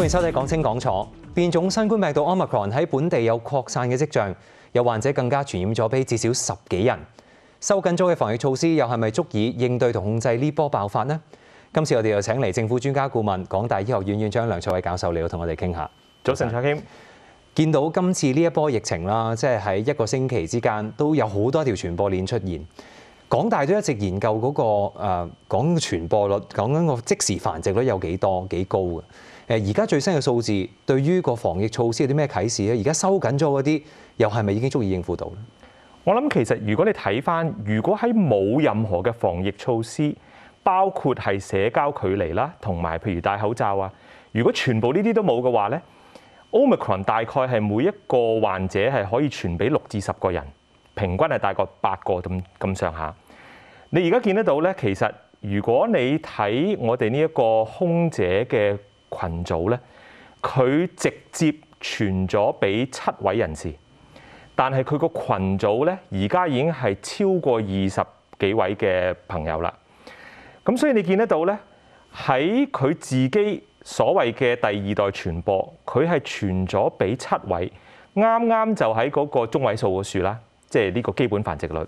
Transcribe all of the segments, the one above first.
歡迎收睇《講清講楚》，變種新冠病毒 Omicron 喺本地有擴散嘅跡象，有患者更加傳染咗俾至少十幾人。收緊咗嘅防疫措施又係咪足以應對同控制呢波爆發呢？今次我哋又請嚟政府專家顧問、港大醫學院院長梁卓偉教授，你要同我哋傾下。早晨，蔡卿吧，見到今次呢一波疫情啦，即係喺一個星期之間都有好多條傳播鏈出現。港大都一直研究嗰、嗰個誒講、啊、傳播率，講緊個即時繁殖率有幾多幾高嘅？誒而家最新嘅數字對於個防疫措施有啲咩啟示咧？而家收緊咗嗰啲，又係咪已經足以應付到咧？我諗其實如果你睇返，如果喺冇任何嘅防疫措施，包括係社交距離啦，同埋譬如戴口罩啊，如果全部呢啲都冇嘅話咧，Omicron 大概係每一個患者係可以傳俾六至十個人，平均係大概八個咁咁上下。你而家見得到咧，其實如果你睇我哋呢一個空姐嘅群組咧，佢直接傳咗俾七位人士，但係佢個群組咧，而家已經係超過二十幾位嘅朋友啦。咁所以你見得到咧，喺佢自己所謂嘅第二代傳播，佢係傳咗俾七位，啱啱就喺嗰個中位數個數啦，即係呢個基本繁殖率，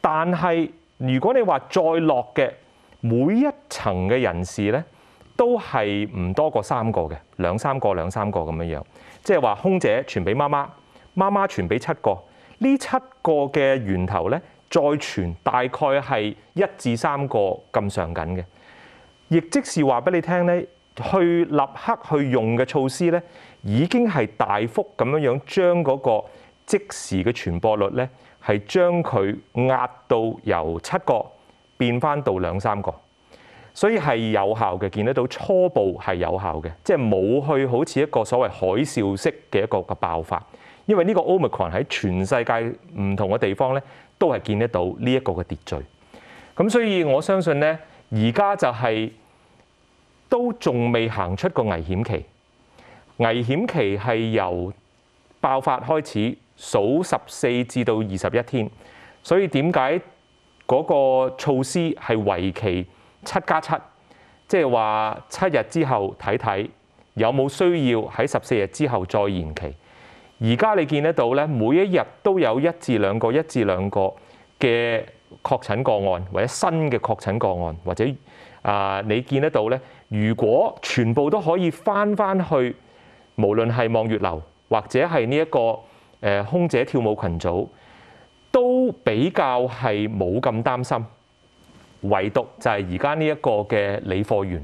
但係，如果你話再落嘅每一層嘅人士呢，都係唔多過三個嘅，兩三個兩三個咁樣樣，即係話空姐傳俾媽媽，媽媽傳俾七個，呢七個嘅源頭呢，再傳大概係一至三個咁上緊嘅。亦即是話俾你聽呢，去立刻去用嘅措施呢，已經係大幅咁樣樣將嗰個即時嘅傳播率呢。係將佢壓到由七個變返到兩三個，所以係有效嘅，見得到初步係有效嘅，即係冇去好似一個所謂海嘯式嘅一個嘅爆發，因為呢個 Omicron 喺全世界唔同嘅地方咧都係見得到呢一個嘅秩序，咁所以我相信呢，而家就係都仲未行出個危險期，危險期係由爆發開始數十四至到二十一天，所以點解嗰個措施係為期七加七，即係話七日之後睇睇有冇需要喺十四日之後再延期？而家你見得到呢每一日都有一至兩個、一至兩個嘅確診個案，或者新嘅確診個案，或者啊，你見得到呢如果全部都可以翻返去，無論係望月樓。或者係呢一個誒、呃、空姐跳舞群組都比較係冇咁擔心，唯獨就係而家呢一個嘅理貨員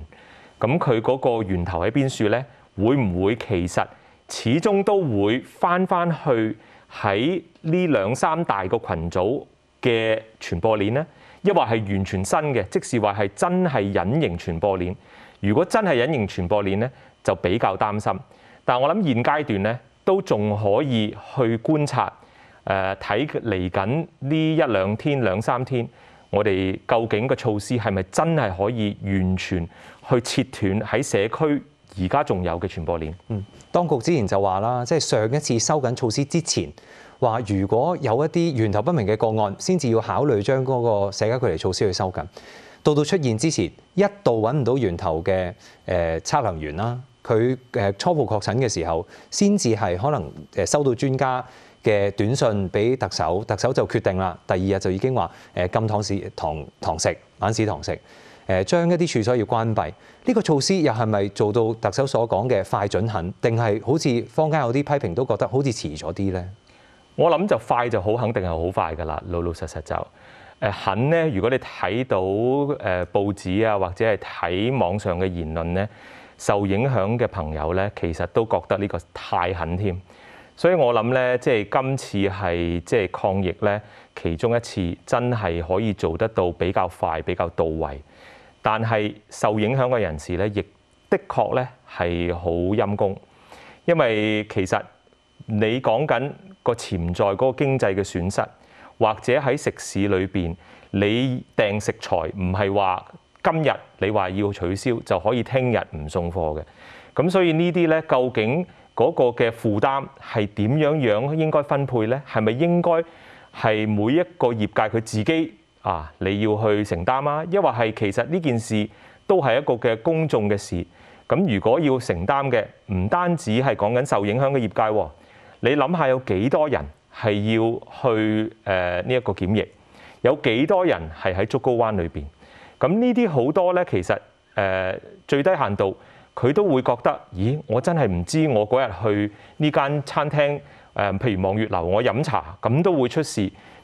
咁，佢嗰個源頭喺邊處呢？會唔會其實始終都會翻翻去喺呢兩三大個群組嘅傳播鏈呢？抑或係完全新嘅，即係話係真係隱形傳播鏈。如果真係隱形傳播鏈呢，就比較擔心。但我諗現階段呢，都仲可以去觀察，誒睇嚟緊呢一兩天兩三天，我哋究竟個措施係咪真係可以完全去切斷喺社區而家仲有嘅傳播鏈？嗯，當局之前就話啦，即係上一次收緊措施之前，話如果有一啲源頭不明嘅個案，先至要考慮將嗰個社交距離措施去收緊，到到出現之前一度揾唔到源頭嘅誒、呃、測量員啦。佢誒初步確診嘅時候，先至係可能誒收到專家嘅短信俾特首，特首就決定啦。第二日就已經話誒禁堂市堂堂食，晚市堂食誒，將一啲處所要關閉。呢個措施又係咪做到特首所講嘅快、準、狠？定係好似坊間有啲批評都覺得好似遲咗啲咧？我諗就快就好，肯定係好快㗎啦。老老實實就誒狠咧。如果你睇到誒報紙啊，或者係睇網上嘅言論咧。受影響嘅朋友呢，其實都覺得呢個太狠添，所以我諗呢，即係今次係即係抗疫呢，其中一次真係可以做得到比較快、比較到位，但係受影響嘅人士呢，亦的確呢係好陰功，因為其實你講緊個潛在嗰個經濟嘅損失，或者喺食肆裏邊你訂食材唔係話。今日你話要取消就可以聽日唔送貨嘅，咁所以呢啲咧，究竟嗰個嘅負擔係點樣樣應該分配咧？係咪應該係每一個業界佢自己啊你要去承擔啊？抑或係其實呢件事都係一個嘅公眾嘅事？咁如果要承擔嘅唔單止係講緊受影響嘅業界，你諗下有幾多人係要去誒呢一個檢疫，有幾多人係喺竹篙灣裏邊？咁呢啲好多呢，其實、呃、最低限度佢都會覺得，咦，我真係唔知我嗰日去呢間餐廳、呃、譬如望月樓，我飲茶咁都會出事。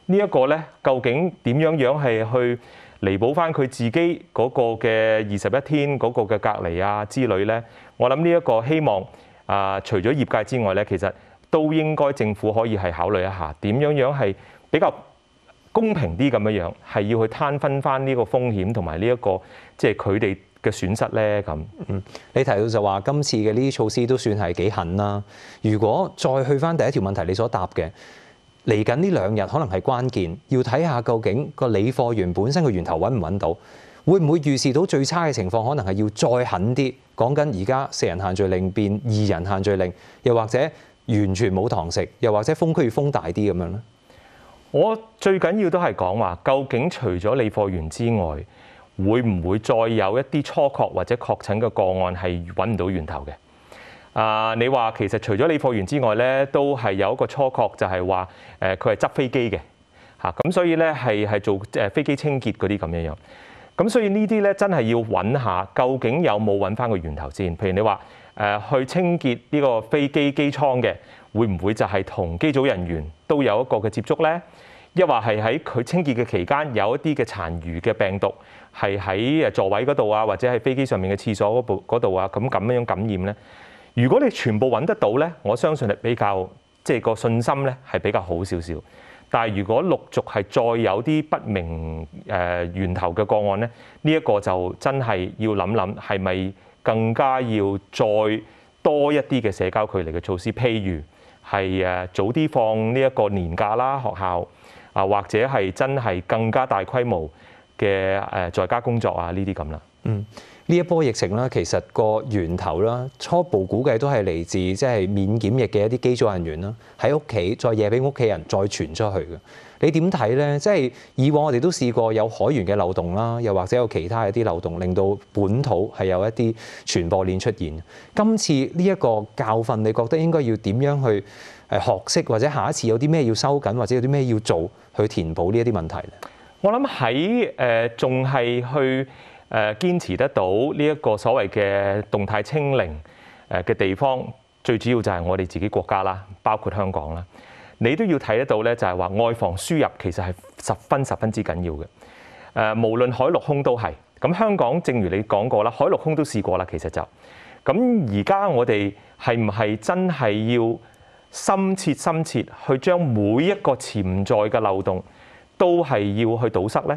呢、這、一個呢，究竟點樣樣係去彌補返佢自己嗰個嘅二十一天嗰個嘅隔離啊之類呢？我諗呢一個希望啊、呃，除咗業界之外呢，其實都應該政府可以係考慮一下，點樣樣係比較公平啲咁樣樣，係要去攤分翻呢個風險同埋呢一個即係佢哋嘅損失咧咁。嗯，你提到就話今次嘅呢啲措施都算係幾狠啦。如果再去翻第一條問題你所答嘅，嚟緊呢兩日可能係關鍵，要睇下究竟個理貨員本身個源頭揾唔揾到，會唔會預示到最差嘅情況可能係要再狠啲？講緊而家四人限聚令變二人限聚令，又或者完全冇堂食，又或者封區要封大啲咁樣咧？我最緊要都係講話，究竟除咗理貨員之外，會唔會再有一啲初確或者確診嘅個案係揾唔到源頭嘅？啊，你話其實除咗理貨員之外咧，都係有一個初確就是說，就係話誒佢係執飛機嘅嚇，咁、啊、所以咧係係做誒飛機清潔嗰啲咁樣樣。咁所以這些呢啲咧真係要揾下，究竟有冇揾翻個源頭先？譬如你話誒、呃、去清潔呢個飛機機艙嘅。會唔會就係同機組人員都有一個嘅接觸呢？抑或係喺佢清潔嘅期間，有一啲嘅殘餘嘅病毒係喺誒座位嗰度啊，或者喺飛機上面嘅廁所嗰度啊，咁咁樣感染呢？如果你全部揾得到呢，我相信係比較即係個信心呢係比較好少少。但係如果陸續係再有啲不明誒源頭嘅個案呢，呢一個就真係要諗諗係咪更加要再多一啲嘅社交距離嘅措施，譬如。係誒早啲放呢一個年假啦，學校啊，或者係真係更加大規模嘅誒在家工作啊呢啲咁啦。這這嗯，呢一波疫情啦，其實個源頭啦，初步估計都係嚟自即係免檢疫嘅一啲機組人員啦，喺屋企再夜俾屋企人再傳出去嘅。你點睇呢？即係以往我哋都試過有海員嘅漏洞啦，又或者有其他的一啲漏洞，令到本土係有一啲傳播鏈出現。今次呢一個教訓，你覺得應該要點樣去誒學識，或者下一次有啲咩要收緊，或者有啲咩要做去填補呢一啲問題咧？我諗喺誒仲係去誒堅持得到呢一個所謂嘅動態清零誒嘅地方，最主要就係我哋自己國家啦，包括香港啦。你都要睇得到咧，就係話外防輸入其實係十分十分之緊要嘅。誒，無論海陸空都係。咁香港正如你講過啦，海陸空都試過啦，其實就咁。而家我哋係唔係真係要深切深切去將每一個潛在嘅漏洞都係要去堵塞呢？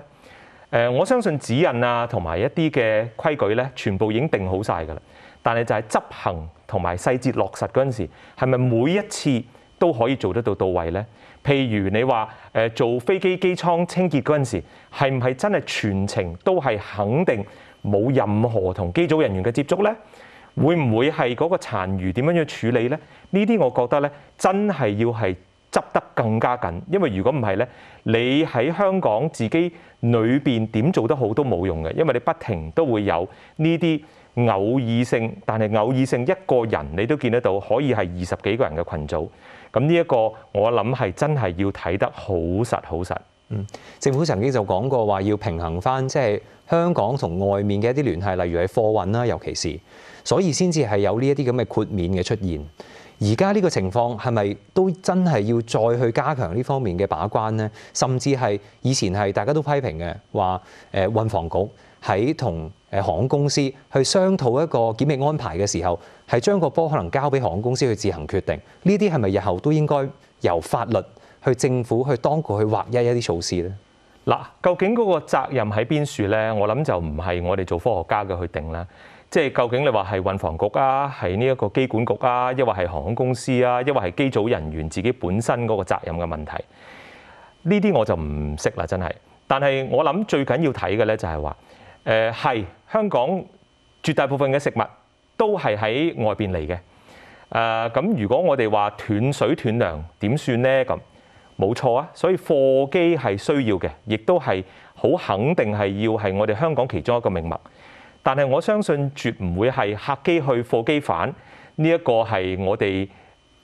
誒，我相信指引啊同埋一啲嘅規矩咧，全部已經定好晒㗎啦。但係就係執行同埋細節落實嗰陣時，係咪每一次，都可以做得到到位咧。譬如你話，誒做飛機機艙清潔嗰陣時，係唔係真係全程都係肯定冇任何同機組人員嘅接觸咧？會唔會係嗰個殘餘點樣樣處理咧？呢啲我覺得咧真係要係執得更加緊，因為如果唔係咧，你喺香港自己裏邊點做得好都冇用嘅，因為你不停都會有呢啲偶爾性，但係偶爾性一個人你都見得到，可以係二十幾個人嘅群組。咁呢一個我諗係真係要睇得好實好實。嗯，政府曾經就講過話要平衡翻，即係香港同外面嘅一啲聯繫，例如係貨運啦，尤其是所以先至係有呢一啲咁嘅豁免嘅出現。而家呢個情況係咪都真係要再去加強呢方面嘅把關呢？甚至係以前係大家都批評嘅話，誒運房局喺同誒航空公司去商討一個檢疫安排嘅時候，係將個波可能交俾航空公司去自行決定。呢啲係咪日後都應該由法律去政府去當局去劃一一啲措施呢？嗱，究竟嗰個責任喺邊處呢？我諗就唔係我哋做科學家嘅去定啦。即係究竟你話係運防局啊，係呢一個機管局啊，抑或係航空公司啊，抑或係機組人員自己本身嗰個責任嘅問題，呢啲我就唔識啦，真係。但係我諗最緊要睇嘅呢就係話。誒係香港絕大部分嘅食物都係喺外邊嚟嘅。誒咁，如果我哋話斷水斷糧點算呢？咁冇錯啊，所以貨機係需要嘅，亦都係好肯定係要係我哋香港其中一個命脈。但係我相信絕唔會係客機去貨機返，呢一個係我哋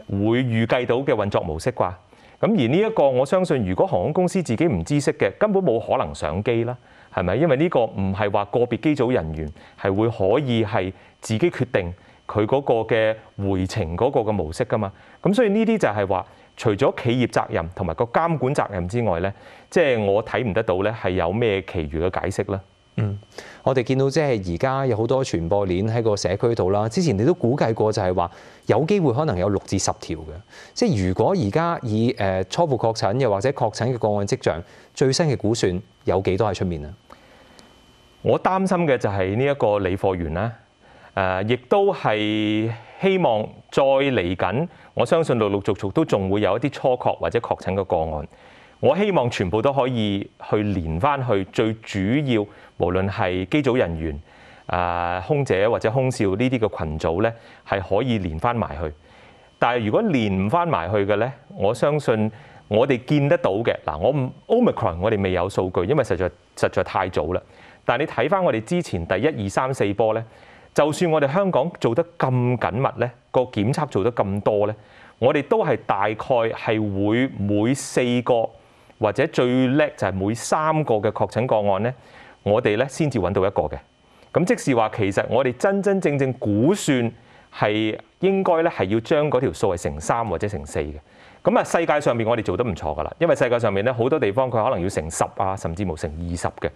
會預計到嘅運作模式啩。咁而呢一個我相信，如果航空公司自己唔知識嘅，根本冇可能上機啦。係咪？因為呢個唔係話個別機組人員係會可以係自己決定佢嗰個嘅回程嗰個嘅模式㗎嘛？咁所以呢啲就係話，除咗企業責任同埋個監管責任之外咧，即係我睇唔得到咧係有咩其餘嘅解釋咧？嗯，我哋見到即係而家有好多傳播鏈喺個社區度啦。之前你都估計過就係話有機會可能有六至十條嘅。即係如果而家以誒初步確診又或者確診嘅個案跡象最新嘅估算有幾多喺出面啊？我擔心嘅就係呢一個理貨員啦，誒、呃，亦都係希望再嚟緊。我相信陸陸續續都仲會有一啲初確或者確診嘅個案。我希望全部都可以去連翻去，最主要，無論係機組人員、誒、呃、空姐或者空少呢啲嘅群組咧，係可以連翻埋去。但係如果連唔翻埋去嘅咧，我相信我哋見得到嘅。嗱，我唔 Omicron 我哋未有數據，因為實在實在太早啦。但係你睇翻我哋之前第一二三四波咧，就算我哋香港做得咁緊密咧，個檢測做得咁多咧，我哋都係大概係會每四個或者最叻就係每三個嘅確診個案咧，我哋咧先至揾到一個嘅。咁即是話，其實我哋真真正正估算係應該咧係要將嗰條數係乘三或者乘四嘅。咁啊，世界上面我哋做得唔錯噶啦，因為世界上面咧好多地方佢可能要乘十啊，甚至乎乘二十嘅。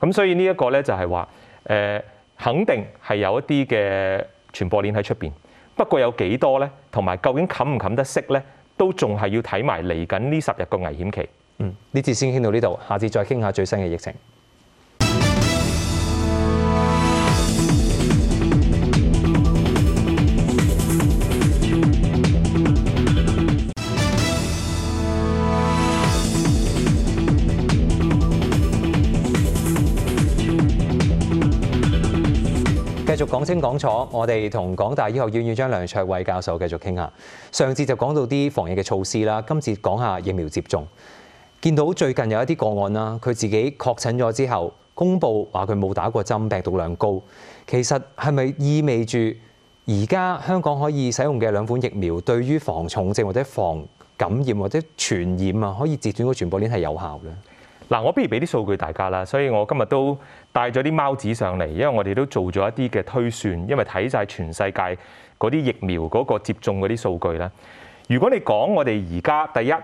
咁所以呢一個咧就係話，誒、呃、肯定係有一啲嘅傳播鏈喺出邊，不過有幾多咧，同埋究竟冚唔冚得熄咧，都仲係要睇埋嚟緊呢十日個危險期。嗯，呢次先傾到呢度，下次再傾下最新嘅疫情。繼續講清講楚，我哋同港大醫學院院長梁卓偉教授繼續傾下。上次就講到啲防疫嘅措施啦，今次講下疫苗接種。見到最近有一啲個案啦，佢自己確診咗之後，公布話佢冇打過針，病毒量高。其實係咪意味住而家香港可以使用嘅兩款疫苗，對於防重症或者防感染或者傳染啊，可以截斷個傳播鏈係有效嘅？嗱，我不如俾啲數據大家啦。所以我今日都帶咗啲貓紙上嚟，因為我哋都做咗一啲嘅推算，因為睇晒全世界嗰啲疫苗嗰個接種嗰啲數據啦。如果你講我哋而家第一，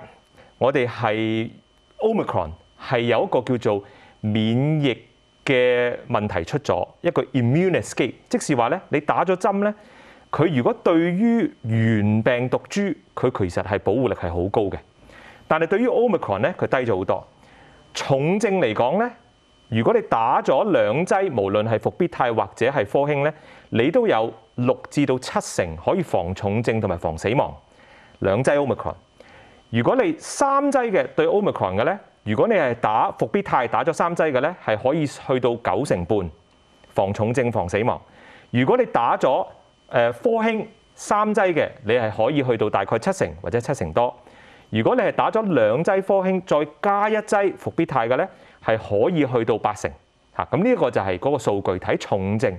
我哋係 Omicron 係有一個叫做免疫嘅問題出咗一個 immune escape，即是話咧你打咗針咧，佢如果對於原病毒株，佢其實係保護力係好高嘅，但係對於 Omicron 咧，佢低咗好多。重症嚟講咧，如果你打咗兩劑，無論係復必泰或者係科興咧，你都有六至到七成可以防重症同埋防死亡。兩劑 Omicron，如果你三劑嘅對 Omicron 嘅咧，如果你係打復必泰打咗三劑嘅咧，係可以去到九成半防重症防死亡。如果你打咗誒、呃、科興三劑嘅，你係可以去到大概七成或者七成多。如果你係打咗兩劑科興，再加一劑復必泰嘅咧，係可以去到八成吓。咁呢一個就係嗰個數據睇重症。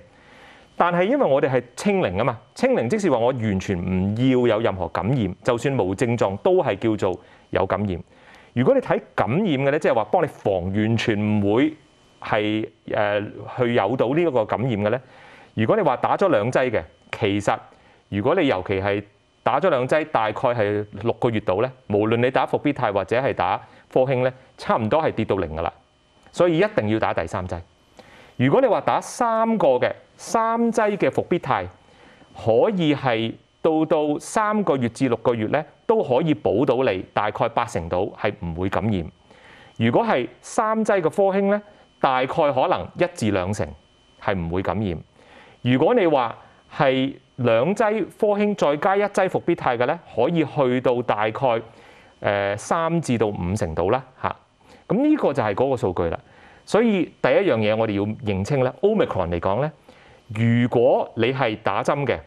但係因為我哋係清零啊嘛，清零即係話我完全唔要有任何感染，就算冇症狀都係叫做有感染。如果你睇感染嘅咧，即係話幫你防，完全唔會係誒、呃、去有到呢一個感染嘅咧。如果你話打咗兩劑嘅，其實如果你尤其係打咗兩劑，大概係六個月度咧。無論你打復必泰或者係打科興咧，差唔多係跌到零噶啦。所以一定要打第三劑。如果你話打三個嘅三劑嘅復必泰，可以係到到三個月至六個月咧，都可以保到你大概八成度係唔會感染。如果係三劑嘅科興咧，大概可能一至兩成係唔會感染。如果你話係兩劑科興再加一劑復必泰嘅咧，可以去到大概三至到五成度啦嚇。咁呢個就係嗰個數據啦。所以第一樣嘢我哋要認清咧，Omicron 嚟講咧，如果你係打針嘅，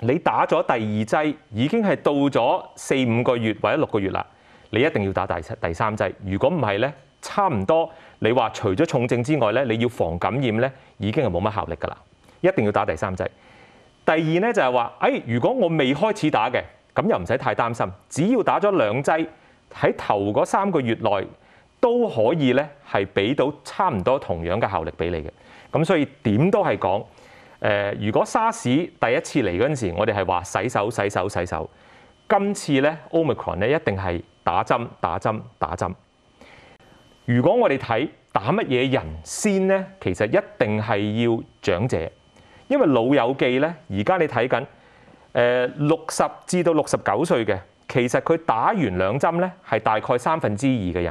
你打咗第二劑已經係到咗四五個月或者六個月啦，你一定要打第第三劑。如果唔係咧，差唔多你話除咗重症之外咧，你要防感染咧已經係冇乜效力噶啦，一定要打第三劑。第二咧就係話、哎，如果我未開始打嘅，咁又唔使太擔心。只要打咗兩劑喺頭嗰三個月內，都可以咧係俾到差唔多同樣嘅效力俾你嘅。咁所以點都係講、呃，如果沙士第一次嚟嗰陣時，我哋係話洗手、洗手、洗手。今次咧 Omicron 咧一定係打針、打針、打針。如果我哋睇打乜嘢人先咧，其實一定係要長者。因為老友記咧，而家你睇緊，誒六十至到六十九歲嘅，其實佢打完兩針咧，係大概三分之二嘅人；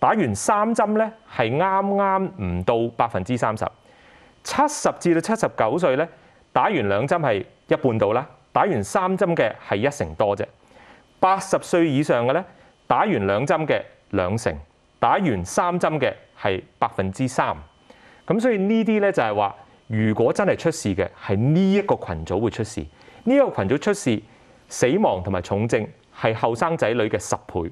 打完三針咧，係啱啱唔到百分之三十。七十至到七十九歲咧，打完兩針係一半度啦，打完三針嘅係一成多啫。八十歲以上嘅咧，打完兩針嘅兩成，打完三針嘅係百分之三。咁所以這些呢啲咧就係話。如果真係出事嘅係呢一個群組會出事，呢一個群組出事，死亡同埋重症係後生仔女嘅十倍。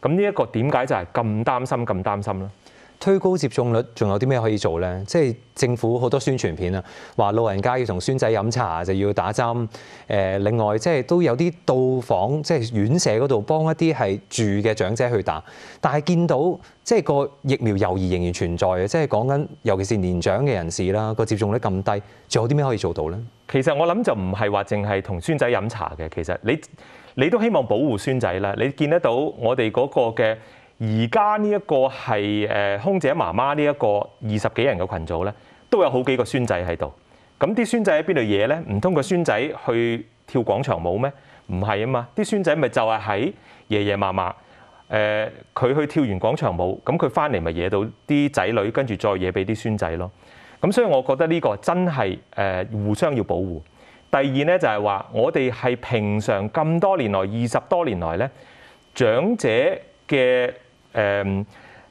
咁呢一個點解就係咁擔心咁擔心呢？推高接種率仲有啲咩可以做呢？即係政府好多宣傳片啊，話老人家要同孫仔飲茶就要打針。誒，另外即係都有啲到訪即係院舍嗰度幫一啲係住嘅長者去打。但係見到即係個疫苗猶疑仍然存在嘅，即係講緊尤其是年長嘅人士啦，個接種率咁低，仲有啲咩可以做到呢？其實我諗就唔係話淨係同孫仔飲茶嘅，其實你你都希望保護孫仔啦。你見得到我哋嗰個嘅。而家呢一個係誒空姐媽媽呢一個二十幾人嘅群組咧，都有好幾個孫仔喺度。咁啲孫仔喺邊度惹咧？唔通個孫仔去跳廣場舞咩？唔係啊嘛，啲孫仔咪就係喺爺爺嫲嫲誒，佢去跳完廣場舞，咁佢翻嚟咪惹到啲仔女，跟住再惹俾啲孫仔咯。咁所以我覺得呢個真係誒互相要保護。第二咧就係話，我哋係平常咁多年來二十多年來咧，長者嘅。誒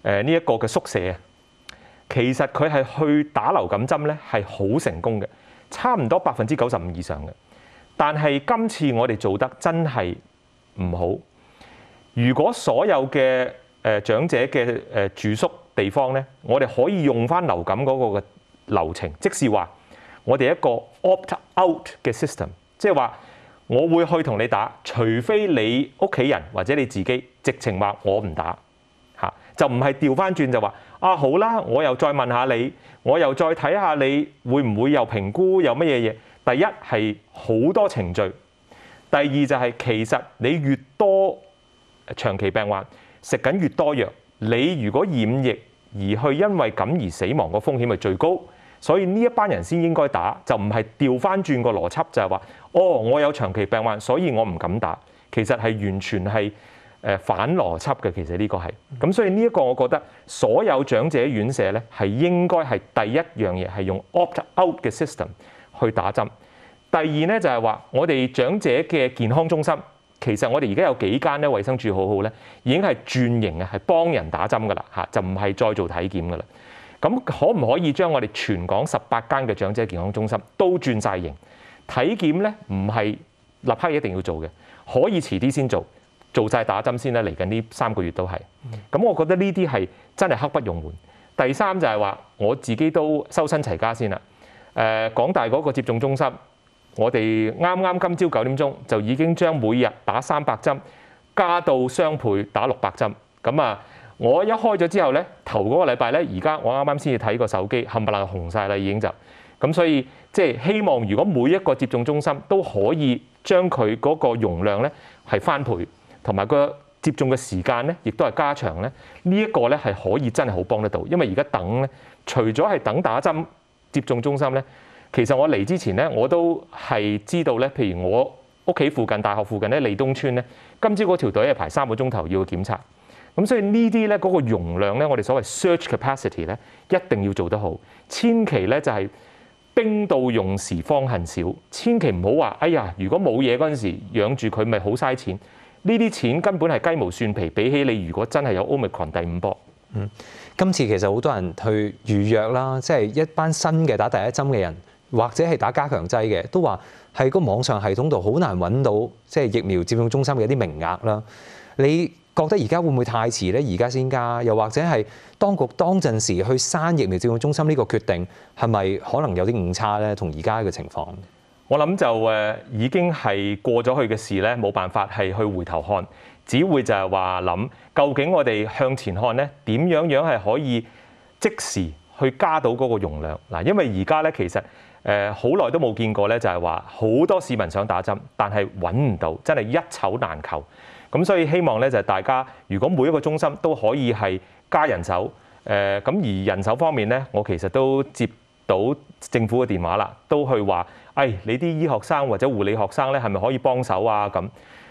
誒呢一個嘅宿舍啊，其實佢係去打流感針咧，係好成功嘅，差唔多百分之九十五以上嘅。但係今次我哋做得真係唔好。如果所有嘅誒、呃、長者嘅、呃、住宿地方咧，我哋可以用翻流感嗰個嘅流程，即是話我哋一個 opt out 嘅 system，即係話我會去同你打，除非你屋企人或者你自己直情話我唔打。就唔係調翻轉就話啊好啦，我又再問下你，我又再睇下你會唔會有評估有乜嘢嘢？第一係好多程序，第二就係、是、其實你越多長期病患食緊越多藥，你如果染疫而去因為咁而死亡個風險係最高，所以呢一班人先應該打，就唔係調翻轉個邏輯就係、是、話哦，我有長期病患，所以我唔敢打。其實係完全係。誒，反邏輯嘅，其實呢個係。咁所以呢一個我覺得所有長者院舍咧係應該係第一樣嘢係用 opt out 嘅 system 去打針。第二咧就係、是、話我哋長者嘅健康中心，其實我哋而家有幾間咧，衛生署好好咧，已經係轉型啊，係幫人打針噶啦嚇，就唔係再做體檢噶啦。咁可唔可以將我哋全港十八間嘅長者健康中心都轉晒型？體檢咧唔係立刻一定要做嘅，可以遲啲先做。做晒打針先啦，嚟緊呢三個月都係，咁我覺得呢啲係真係刻不容緩。第三就係話，我自己都修身齊家先啦。誒、呃，港大嗰個接種中心，我哋啱啱今朝九點鐘就已經將每日打三百針加到雙倍打，打六百針。咁啊，我一開咗之後呢，頭嗰個禮拜呢，而家我啱啱先至睇個手機，冚唪唥紅晒啦已經就。咁所以即係希望，如果每一個接種中心都可以將佢嗰個容量呢，係翻倍。同埋個接種嘅時間咧，亦都係加長咧。這個、呢一個咧係可以真係好幫得到，因為而家等咧，除咗係等打針接種中心咧，其實我嚟之前咧，我都係知道咧。譬如我屋企附近大學附近咧，利東村咧，今朝嗰條隊係排三個鐘頭要去檢查。咁所以這些呢啲咧嗰個容量咧，我哋所謂 search capacity 咧，一定要做得好。千祈咧就係、是、兵到用時方恨少，千祈唔好話哎呀，如果冇嘢嗰陣時養住佢咪好嘥錢。呢啲錢根本係雞毛蒜皮，比起你如果真係有奧密克戎第五波。嗯，今次其實好多人去預約啦，即、就、係、是、一班新嘅打第一針嘅人，或者係打加強劑嘅，都話喺個網上系統度好難揾到即係、就是、疫苗接種中心嘅一啲名額啦。你覺得而家會唔會太遲呢？而家先加，又或者係當局當陣時去刪疫苗接種中心呢個決定，係咪可能有啲誤差呢？同而家嘅情況？我諗就誒已經係過咗去嘅事咧，冇辦法係去回頭看，只會就係話諗究竟我哋向前看咧，點樣樣係可以即時去加到嗰個容量嗱，因為而家咧，其實誒好耐都冇見過咧，就係話好多市民想打針，但係揾唔到，真係一籌難求咁，所以希望咧就係大家如果每一個中心都可以係加人手誒咁，而人手方面咧，我其實都接到政府嘅電話啦，都去話。誒、哎，你啲醫學生或者護理學生咧，係咪可以幫手啊？咁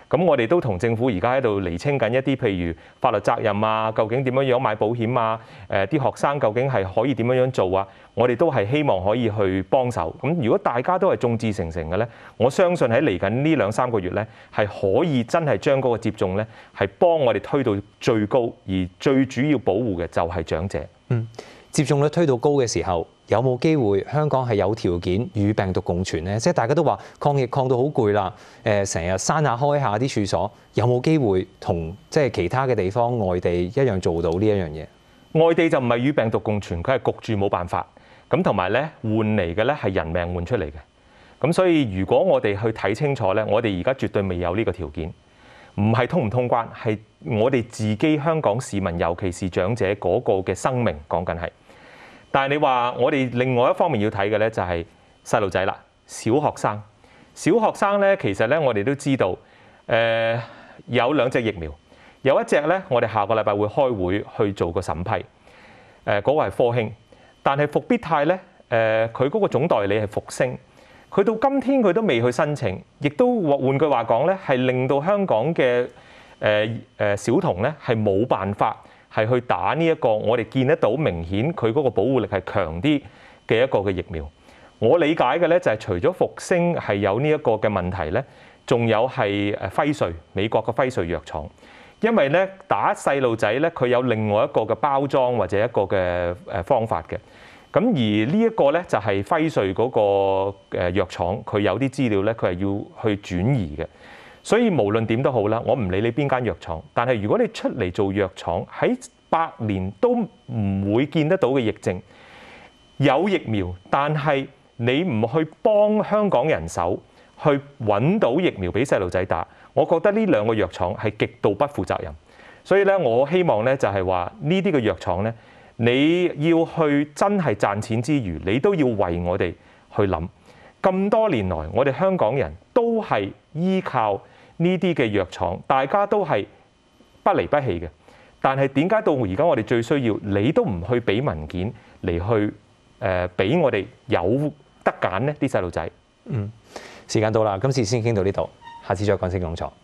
咁，我哋都同政府而家喺度釐清緊一啲，譬如法律責任啊，究竟點樣樣買保險啊？誒，啲學生究竟係可以點樣樣做啊？我哋都係希望可以去幫手。咁如果大家都係眾志成城嘅咧，我相信喺嚟緊呢兩三個月咧，係可以真係將嗰個接種咧，係幫我哋推到最高，而最主要保護嘅就係長者。嗯，接種率推到高嘅時候。有冇機會香港係有條件與病毒共存呢？即係大家都話抗疫抗到好攰啦，誒，成日閂下開下啲處所，有冇機會同即係其他嘅地方外地一樣做到呢一樣嘢？外地就唔係與病毒共存，佢係焗住冇辦法。咁同埋咧，換嚟嘅咧係人命換出嚟嘅。咁所以如果我哋去睇清楚咧，我哋而家絕對未有呢個條件，唔係通唔通關，係我哋自己香港市民，尤其是長者嗰個嘅生命講緊係。但係你話我哋另外一方面要睇嘅咧，就係細路仔啦，小學生。小學生咧，其實咧，我哋都知道，誒有兩隻疫苗，有一隻咧，我哋下個禮拜會開會去做個審批。誒嗰個係科興，但係復必泰咧，誒佢嗰個總代理係復星，佢到今天佢都未去申請，亦都換句話講咧，係令到香港嘅誒誒小童咧係冇辦法。係去打呢一個，我哋見得到明顯佢嗰個保護力係強啲嘅一個嘅疫苗。我理解嘅咧就係除咗復星係有呢一個嘅問題咧，仲有係誒輝瑞美國嘅輝瑞藥廠，因為咧打細路仔咧佢有另外一個嘅包裝或者一個嘅誒方法嘅。咁而呢一個咧就係輝瑞嗰個誒藥廠，佢有啲資料咧佢係要去轉移嘅。所以無論點都好啦，我唔理你邊間藥廠，但係如果你出嚟做藥廠，喺百年都唔會見得到嘅疫症有疫苗，但係你唔去幫香港人手去揾到疫苗俾細路仔打，我覺得呢兩個藥廠係極度不負責任。所以咧，我希望咧就係話呢啲嘅藥廠咧，你要去真係賺錢之餘，你都要為我哋去諗。咁多年來，我哋香港人都係依靠。呢啲嘅藥廠大家都係不離不棄嘅，但係點解到而家我哋最需要你都唔去俾文件嚟去誒俾、呃、我哋有得揀呢啲細路仔。嗯，時間到啦，今次先傾到呢度，下次再講先。